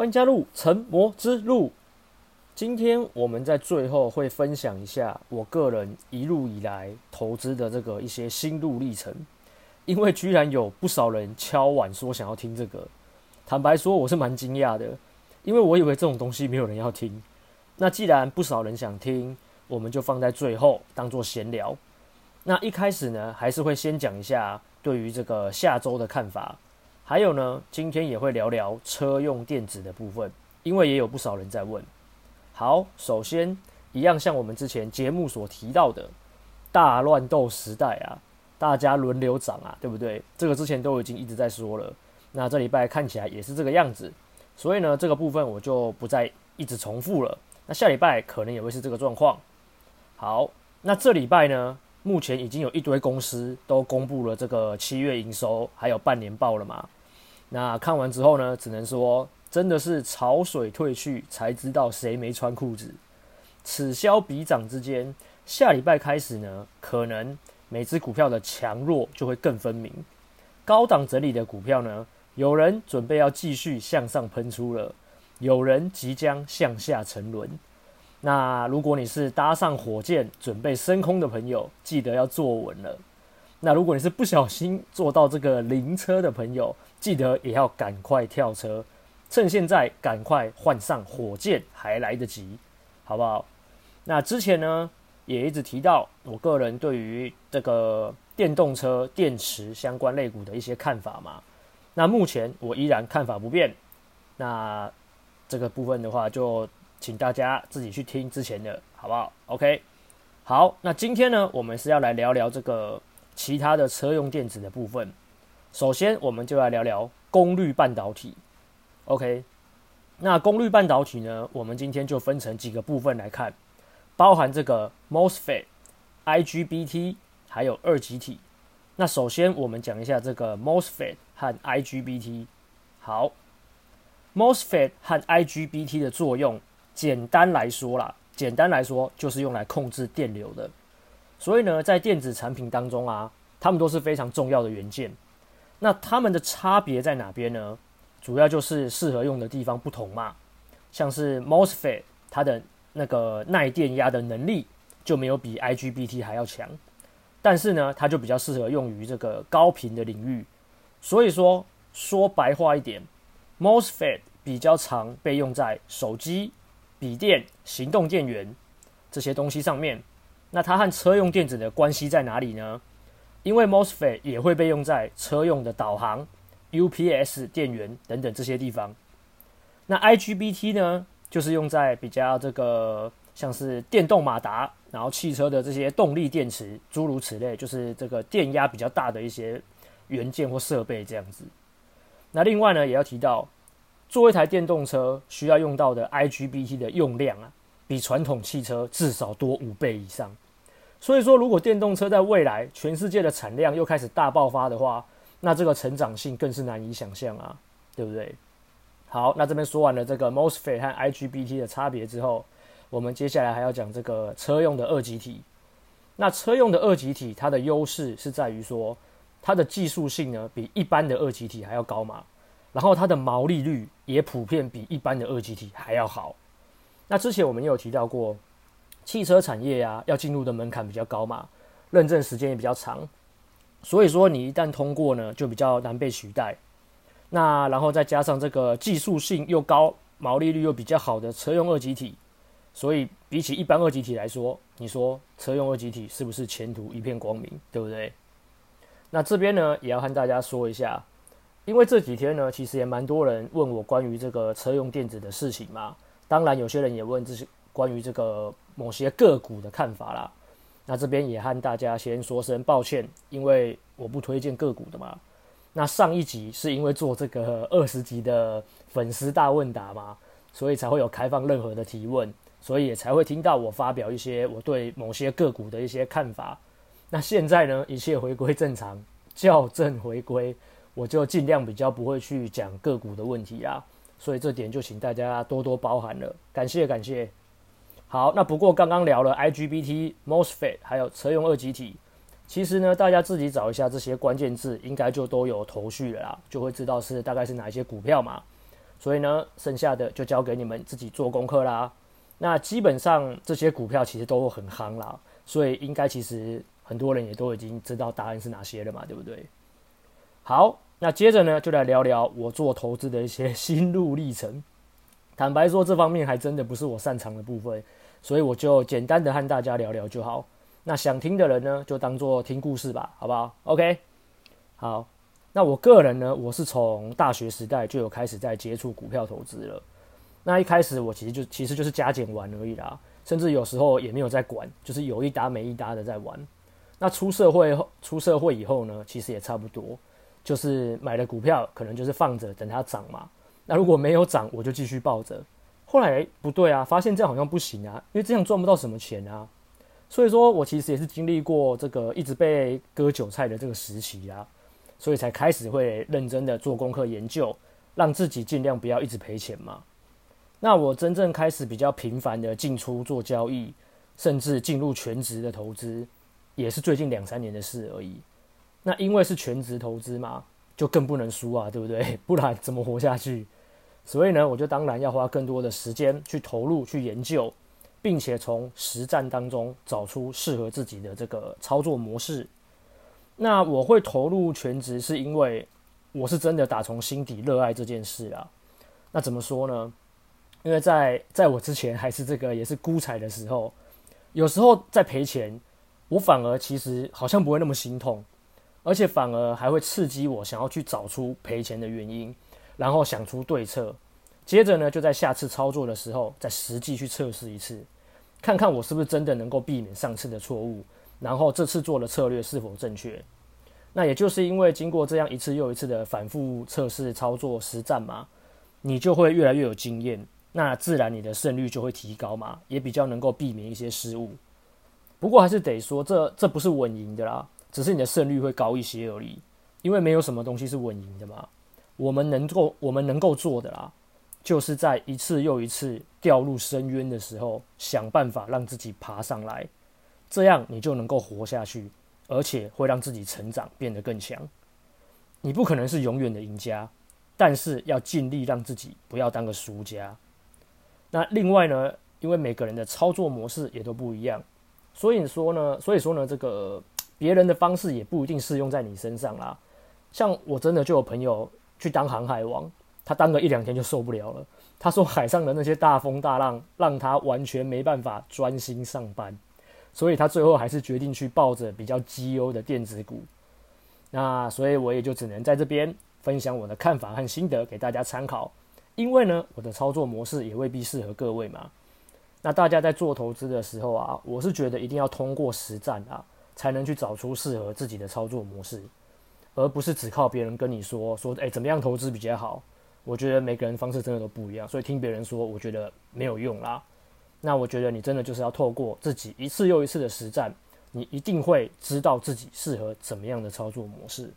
歡迎加入成魔之路。今天我們在最後會分享一下我個人一路以來投資的這個一些心路歷程，因為居然有不少人敲碗說想要聽這個，坦白說我是蠻驚訝的，因為我以為這種東西沒有人要聽。那既然不少人想聽，我們就放在最後當做閒聊。那一開始呢，還是會先講一下對於這個下周的看法。還有呢，今天也會聊聊車用電子的部分，因為也有不少人在問。好，首先一樣像我們之前節目所提到的，大亂鬥時代啊，大家輪流漲啊，對不對？這個之前都已經一直在說了。那這禮拜看起來也是這個樣子，所以呢，這個部分我就不再一直重複了。那下禮拜可能也會是這個狀況。好，那這禮拜呢，目前已經有一堆公司都公布了這個七月營收還有半年報了嘛。那看完之後呢，只能說真的是潮水退去才知道誰沒穿褲子。此消彼長之間，下禮拜開始呢，可能每隻股票的強弱就會更分明。高檔整理的股票呢，有人準備要繼續向上噴出了，有人即將向下沉淪。那如果你是搭上火箭準備升空的朋友，記得要坐穩了。那如果你是不小心坐到這個靈車的朋友，記得也要趕快跳車，趁現在趕快換上火箭還來得及，好不好？那之前呢，也一直提到，我個人對於這個電動車電池相關類股的一些看法嘛。那目前我依然看法不變。那這個部分的話，就請大家自己去聽之前的，好不好？OK。好，那今天呢，我們是要來聊聊這個。其他的車用電子的部分，首先我們就來聊聊功率半導體。OK，那功率半導體呢？我們今天就分成幾個部分來看，包含這個 MOSFET、IGBT 還有二極體。那首先我們講一下這個 MOSFET 和 IGBT。好，MOSFET 和 IGBT 的作用，簡單來說啦，簡單來說就是用來控制電流的。所以呢，在電子產品當中啊，它們都是非常重要的元件。那它們的差別在哪邊呢？主要就是適合用的地方不同嘛。像是 MOSFET，它的那個耐電壓的能力就沒有比 IGBT 還要強，但是呢，它就比較適合用於這個高頻的領域。所以說，說白話一點，MOSFET 比較常被用在手機、筆電、行動電源這些東西上面。那它和車用電子的關係在哪裡呢？因為 MOSFET 也會被用在車用的導航、UPS 電源等等這些地方。那 IGBT 呢，就是用在比較這個像是電動馬達，然後汽車的這些動力電池，諸如此類，就是這個電壓比較大的一些元件或設備這樣子。那另外呢，也要提到，做一台電動車需要用到的 IGBT 的用量啊。比傳統汽車至少多五倍以上，所以說如果電動車在未來全世界的產量又開始大爆發的話，那這個成長性更是難以想象啊，對不對？好，那這邊說完了這個 MOSFET 和 IGBT 的差別之後，我們接下來還要講這個車用的二極體。那車用的二極體，它的優勢是在於說它的技術性呢比一般的二極體還要高嘛，然後它的毛利率也普遍比一般的二極體還要好。那之前我們也有提到過，汽車產業啊要進入的門檻比較高嘛，認證時間也比較長，所以說你一旦通過呢，就比較難被取代。那然後再加上這個技術性又高，毛利率又比較好的車用二極體，所以比起一般二極體來說，你說車用二極體是不是前途一片光明？對不對？那這邊呢也要和大家說一下，因為這幾天呢其實也蠻多人問我關於這個車用電子的事情嘛。當然，有些人也問這些關於這個某些個股的看法啦。那這邊也和大家先說聲抱歉，因為我不推薦個股的嘛。那上一集是因為做這個二十集的粉絲大問答嘛，所以才會有開放任何的提問，所以也才會聽到我發表一些我對某些個股的一些看法。那現在呢，一切回歸正常，校正回歸，我就儘量比較不會去講個股的問題啊。所以這點就請大家多多包涵了，感謝感謝。好，那不過剛剛聊了 IGBT、MOSFET 還有車用二極體，其實呢，大家自己找一下這些關鍵字，應該就都有頭緒了啦，就會知道是大概是哪一些股票嘛。所以呢，剩下的就交給你們自己做功課啦。那基本上這些股票其實都很夯啦，所以應該其實很多人也都已經知道答案是哪些了嘛，對不對？好。那接着呢，就來聊聊我做投資的一些心路歷程。坦白說，這方面還真的不是我擅長的部分，所以我就簡單的和大家聊聊就好。那想聽的人呢，就當做聽故事吧，好不好？OK。好，那我個人呢，我是從大學時代就有開始在接觸股票投資了。那一開始我其實就其實就是加減玩而已啦，甚至有時候也沒有在管，就是有一搭沒一搭的在玩。那出社會後，出社會以後呢，其實也差不多。就是買了股票，可能就是放着等它漲嘛。那如果沒有漲，我就繼續抱着。後來不對啊，發現這樣好像不行啊，因為這樣賺不到什麼錢啊。所以說我其實也是經歷過這個一直被割韭菜的這個時期啊，所以才開始會認真的做功課研究，讓自己儘量不要一直賠錢嘛。那我真正開始比較頻繁的進出做交易，甚至進入全職的投資，也是最近兩三年的事而已。那因為是全職投資嘛，就更不能輸啊，對不對？不然怎麼活下去？所以呢，我就當然要花更多的時間去投入、去研究，並且從實戰當中找出適合自己的這個操作模式。那我會投入全職，是因為我是真的打從心底熱愛這件事啊。那怎麼說呢？因為在在我之前還是這個也是孤彩的時候，有時候在賠錢，我反而其實好像不會那麼心痛。而且反而還會刺激我想要去找出賠錢的原因，然後想出對策，接着呢就在下次操作的時候，再實際去測試一次，看看我是不是真的能夠避免上次的錯誤，然後這次做的策略是否正確。那也就是因為經過這樣一次又一次的反覆測試、操作、實戰嘛，你就會越來越有經驗，那自然你的勝率就會提高嘛，也比較能夠避免一些失誤。不過還是得說，這這不是穩贏的啦。只是你的勝率會高一些而已，因為沒有什麼東西是穩贏的嘛。我們能夠，我們能夠做的啦，就是在一次又一次掉入深淵的時候，想辦法讓自己爬上來，這樣你就能夠活下去，而且會讓自己成長變得更強。你不可能是永遠的贏家，但是要盡力讓自己不要當個輸家。那另外呢，因為每個人的操作模式也都不一樣，所以說呢，所以說呢，這個。別人的方式也不一定適用在你身上啦，像我真的就有朋友去當航海王，他當個一兩天就受不了了。他說海上的那些大風大浪讓他完全沒辦法專心上班，所以他最後還是決定去抱着比較績優的電子股。那所以我也就只能在這邊分享我的看法和心得給大家參考，因為呢，我的操作模式也未必適合各位嘛。那大家在做投資的時候啊，我是覺得一定要通過實戰啊。才能去找出適合自己的操作模式，而不是只靠別人跟你說說，欸，怎麼樣投資比較好？我覺得每個人方式真的都不一樣，所以聽別人說我覺得沒有用啦。那我覺得你真的就是要透過自己一次又一次的實戰，你一定會知道自己適合怎麼樣的操作模式。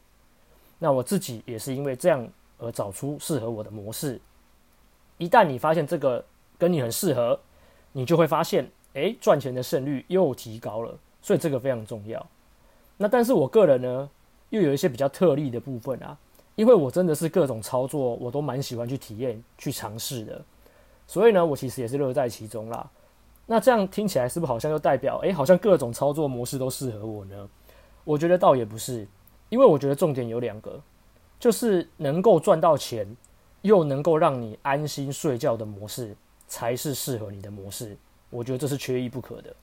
那我自己也是因為這樣而找出適合我的模式。一旦你發現這個跟你很適合，你就會發現，欸，賺錢的勝率又提高了。所以這個非常重要。那但是我個人呢，又有一些比較特例的部分啊，因為我真的是各種操作我都蠻喜歡去體驗、去嘗試的。所以呢，我其實也是樂在其中啦。那這樣聽起來是不是好像就代表，誒，好像各種操作模式都適合我呢？我覺得倒也不是，因為我覺得重點有兩個，就是能夠賺到錢，又能夠讓你安心睡覺的模式，才是適合你的模式。我覺得這是缺一不可的。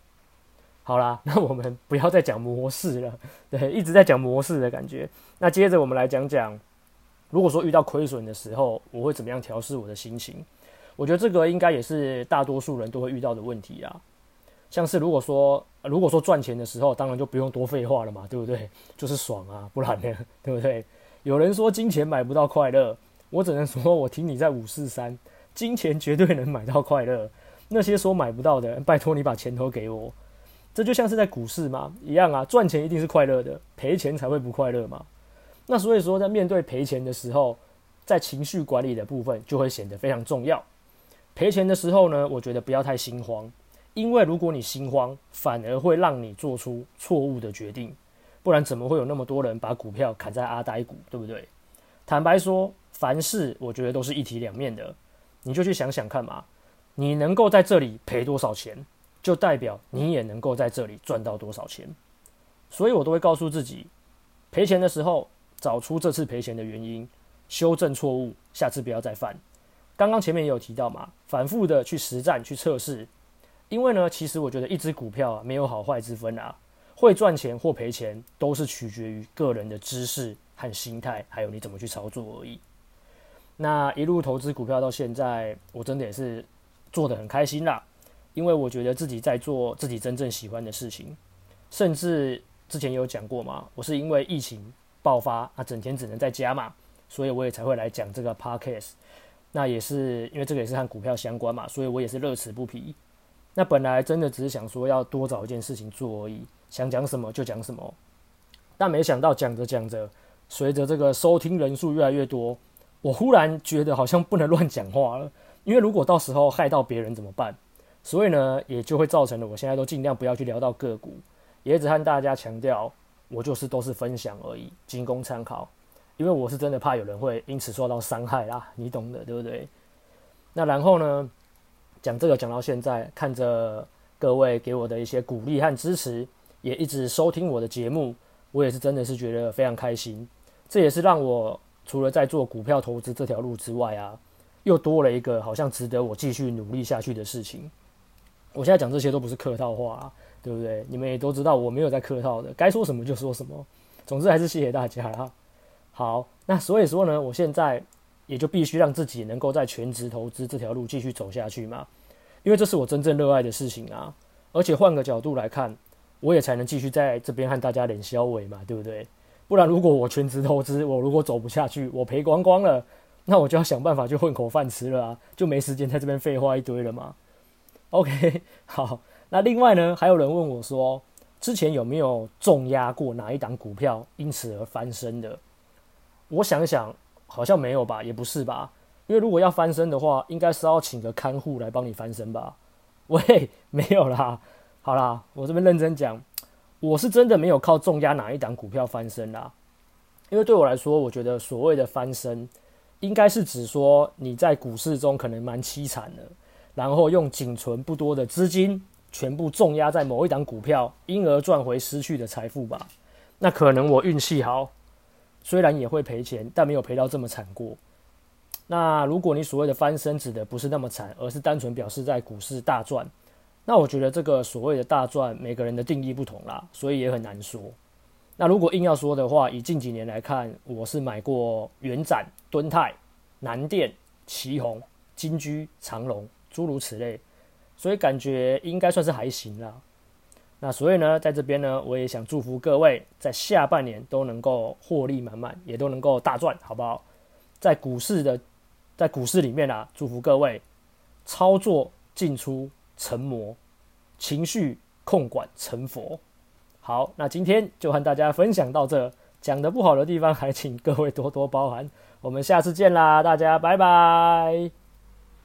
好啦，那我們不要再講模式了，對，一直在講模式的感覺。那接着我們來講講，如果說遇到虧損的時候，我會怎麼樣調試我的心情？我覺得這個應該也是大多數人都會遇到的問題啊。像是如果說，如果說賺錢的時候，當然就不用多廢話了嘛，對不對？就是爽啊，不然呢，對不對？有人說金錢買不到快樂，我只能說，我聽你在五四三，金錢絕對能買到快樂。那些說買不到的，拜託你把錢投給我。這就像是在股市嘛，一樣啊，賺錢一定是快樂的，賠錢才會不快樂嘛。那所以說，在面對賠錢的時候，在情緒管理的部分就會顯得非常重要。賠錢的時候呢，我覺得不要太心慌，因為如果你心慌，反而會讓你做出錯誤的決定。不然怎麼會有那麼多人把股票砍在阿呆股，對不對？坦白說，凡事我覺得都是一體兩面的，你就去想想看嘛，你能夠在這裡賠多少錢？就代表你也能夠在這裡賺到多少錢，所以我都會告訴自己，賠錢的時候找出這次賠錢的原因，修正錯誤，下次不要再犯。剛剛前面也有提到嘛，反覆的去實戰去測試，因為呢，其實我覺得一隻股票啊，沒有好壞之分啊，會賺錢或賠錢都是取決於個人的知識和心態，還有你怎麼去操作而已。那一路投資股票到現在，我真的也是做得很開心啦。因為我覺得自己在做自己真正喜歡的事情，甚至之前也有講過嘛，我是因為疫情爆發啊，整天只能在家嘛，所以我也才會來講這個 podcast。那也是因為這個也是和股票相關嘛，所以我也是樂此不疲。那本來真的只是想說要多找一件事情做而已，想講什麼就講什麼。但沒想到講着講着，隨着這個收聽人數越來越多，我忽然覺得好像不能亂講話了，因為如果到時候害到別人怎麼辦？所以呢，也就會造成了我現在都盡量不要去聊到個股，也只和大家強調，我就是都是分享而已，僅供參考。因為我是真的怕有人會因此受到傷害啦，你懂的，對不對？那然後呢，講這個講到現在，看着各位給我的一些鼓勵和支持，也一直收聽我的節目，我也是真的是覺得非常開心。這也是讓我除了在做股票投資這條路之外啊，又多了一個好像值得我繼續努力下去的事情。我現在講這些都不是客套話啊，對不對？你們也都知道我沒有在客套的，該說什麼就說什麼。總之還是謝謝大家啦。好，那所以說呢，我現在也就必須讓自己能夠在全職投資這條路繼續走下去嘛，因為這是我真正熱愛的事情啊。而且換個角度來看，我也才能繼續在這邊和大家練肖話嘛，對不對？不然如果我全職投資，我如果走不下去，我賠光光了，那我就要想辦法去混口飯吃了啊，就沒時間在這邊廢話一堆了嘛。OK，好，那另外呢，還有人問我說，之前有沒有重壓過哪一檔股票，因此而翻身的？我想想，好像沒有吧，也不是吧，因為如果要翻身的話，應該是要請個看護來幫你翻身吧？喂，沒有啦，好啦，我這邊認真講，我是真的沒有靠重壓哪一檔股票翻身啦，因為對我來說，我覺得所謂的翻身，應該是指說你在股市中可能蠻淒慘的。然後用僅存不多的資金，全部重壓在某一檔股票，因而賺回失去的財富吧。那可能我運氣好，雖然也會賠錢，但沒有賠到這麼慘過。那如果你所謂的翻身指的不是那麼慘，而是單純表示在股市大賺，那我覺得這個所謂的大賺，每個人的定義不同啦，所以也很難說。那如果硬要說的話，以近幾年來看，我是買過元展、敦泰、南電、奇鋐、金居、長龍。諸如此類，所以感覺應該算是還行啦。那所以呢，在這邊呢，我也想祝福各位在下半年都能夠獲利滿滿，也都能夠大賺，好不好？在股市的，在股市裡面啊，祝福各位操作進出成魔，情緒控管成佛。好，那今天就和大家分享到這，講的不好的地方還請各位多多包涵。我們下次見啦，大家拜拜。